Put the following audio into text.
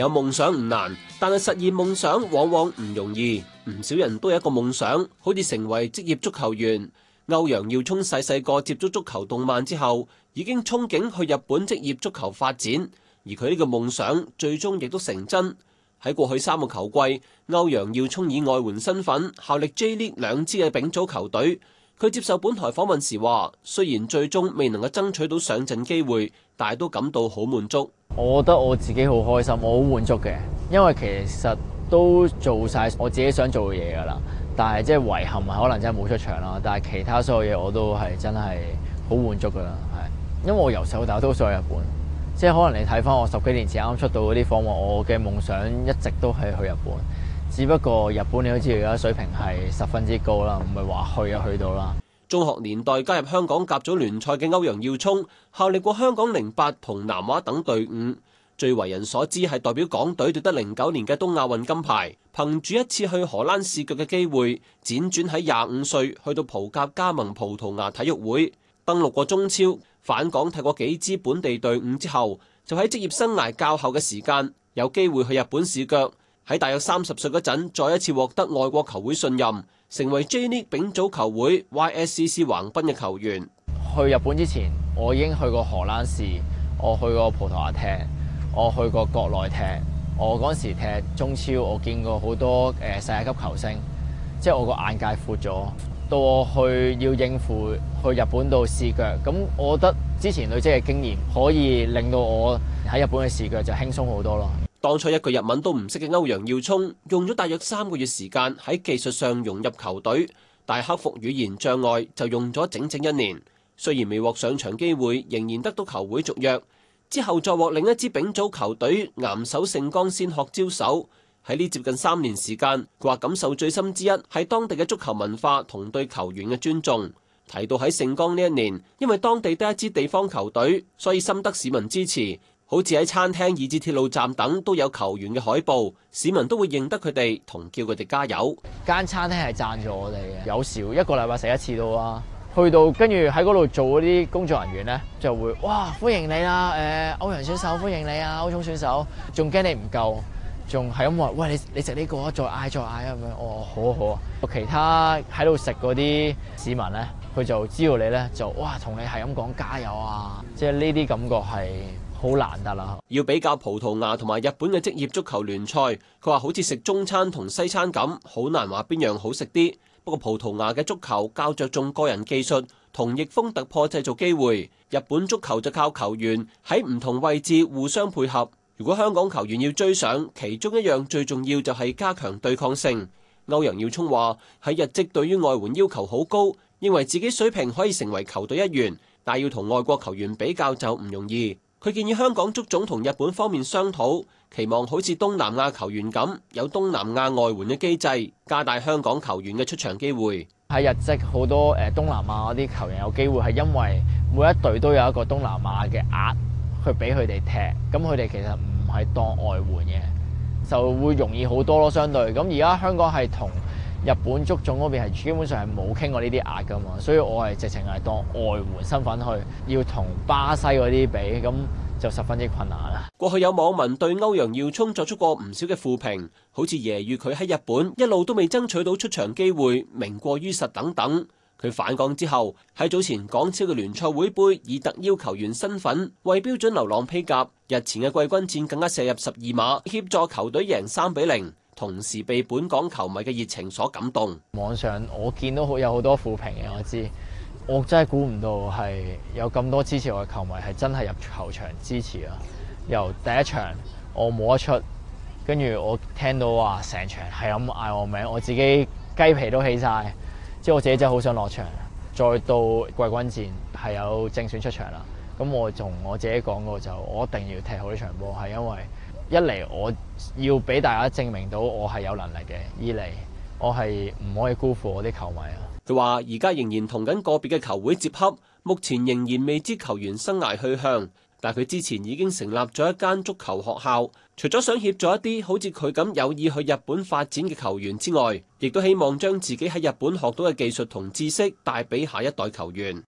有夢想唔難，但係實現夢想往往唔容易。唔少人都有一個夢想，好似成為職業足球員。歐陽耀冲細細個接觸足球動漫之後，已經憧憬去日本職業足球發展，而佢呢個夢想最終亦都成真。喺過去三個球季，歐陽耀冲以外援身份效力 J 聯賽兩支嘅丙組球隊。佢接受本台訪問時話，雖然最終未能夠爭取到上陣機會，但係都感到好滿足。我覺得我自己好開心，我好滿足嘅，因為其實都做晒我自己想做嘅嘢噶啦。但係即係遺憾係可能真係冇出場啦。但係其他所有嘢我都係真係好滿足噶啦，係因為我由細到大都想去日本。即係可能你睇翻我十幾年前啱啱出到嗰啲訪問，我嘅夢想一直都係去日本。只不過日本你好似而家水平係十分之高啦，唔係話去啊去到啦。中學年代加入香港甲組聯賽嘅歐陽耀冲，效力過香港零八同南華等隊伍，最為人所知係代表港隊奪得零九年嘅東亞運金牌。憑住一次去荷蘭試腳嘅機會，輾轉喺廿五歲去到葡甲加盟葡萄牙體育會，登陸過中超，返港踢過幾支本地隊伍之後，就喺職業生涯較後嘅時間，有機會去日本試腳。喺大約三十歲嗰陣，再一次獲得外國球會信任，成為 J-League 丙組球會 YSCC 橫濱嘅球員。去日本之前，我已經去過荷蘭市，我去過葡萄牙踢，我去過國內踢。我嗰時踢中超，我見過好多誒、呃、世界級球星，即係我個眼界闊咗。到我去要應付去日本度試腳，咁我覺得之前累積嘅經驗可以令到我喺日本嘅試腳就輕鬆好多咯。當初一句日文都唔識嘅歐陽耀冲，用咗大約三個月時間喺技術上融入球隊，但係克服語言障礙就用咗整整一年。雖然未獲上場機會，仍然得到球會續約。之後再獲另一支丙組球隊岩手盛岡仙鶴招手。喺呢接近三年時間，佢話感受最深之一係當地嘅足球文化同對球員嘅尊重。提到喺盛岡呢一年，因為當地得一支地方球隊，所以深得市民支持。好似喺餐廳以至鐵路站等都有球員嘅海報，市民都會認得佢哋，同叫佢哋加油。間餐廳係贊助我哋嘅，有時一個禮拜食一次到啊。去到跟住喺嗰度做嗰啲工作人員咧，就會哇歡迎你啦！誒，歐陽選手歡迎你啊，歐、欸、總選手，仲驚你唔、啊、夠，仲係咁話喂你你食呢、這個再嗌再嗌咁樣哦，好啊好啊。其他喺度食嗰啲市民咧，佢就知道你咧就哇同你係咁講加油啊，即係呢啲感覺係。好難得啦，要比較葡萄牙同埋日本嘅職業足球聯賽，佢話好似食中餐同西餐咁，好難話邊樣好食啲。不過葡萄牙嘅足球較着重個人技術同逆風突破製造機會，日本足球就靠球員喺唔同位置互相配合。如果香港球員要追上其中一樣，最重要就係加強對抗性。歐陽耀冲話喺日職對於外援要求好高，認為自己水平可以成為球隊一員，但要同外國球員比較就唔容易。佢建議香港足總同日本方面商討，期望好似東南亞球員咁，有東南亞外援嘅機制，加大香港球員嘅出場機會。喺日職好多誒東南亞嗰啲球員有機會，係因為每一隊都有一個東南亞嘅額去俾佢哋踢，咁佢哋其實唔係當外援嘅，就會容易好多咯。相對咁而家香港係同日本足總嗰邊係基本上係冇傾過呢啲壓㗎嘛，所以我係直情係當外援身份去，要同巴西嗰啲比，咁就十分之困難啦。過去有網民對歐陽耀冲作出過唔少嘅負評，好似揶揄佢喺日本一路都未爭取到出場機會，名過於實等等。佢返港之後，喺早前港超嘅聯賽會杯，以特邀球員身份為標準流浪披甲，日前嘅季軍戰更加射入十二碼，協助球隊贏三比零。同時被本港球迷嘅熱情所感動。網上我見到好有好多負評嘅，我知我真係估唔到係有咁多支持我嘅球迷係真係入球場支持啊！由第一場我冇得出，跟住我聽到話成場係咁嗌我名，我自己雞皮都起晒。即係我自己真係好想落場。再到季軍戰係有正選出場啦，咁我同我自己講過就我一定要踢好呢場波，係因為。一嚟我要俾大家證明到我係有能力嘅；二嚟我係唔可以辜負我啲球迷啊。佢話：而家仍然同緊個別嘅球會接洽，目前仍然未知球員生涯去向。但佢之前已經成立咗一間足球學校，除咗想協助一啲好似佢咁有意去日本發展嘅球員之外，亦都希望將自己喺日本學到嘅技術同知識帶俾下一代球員。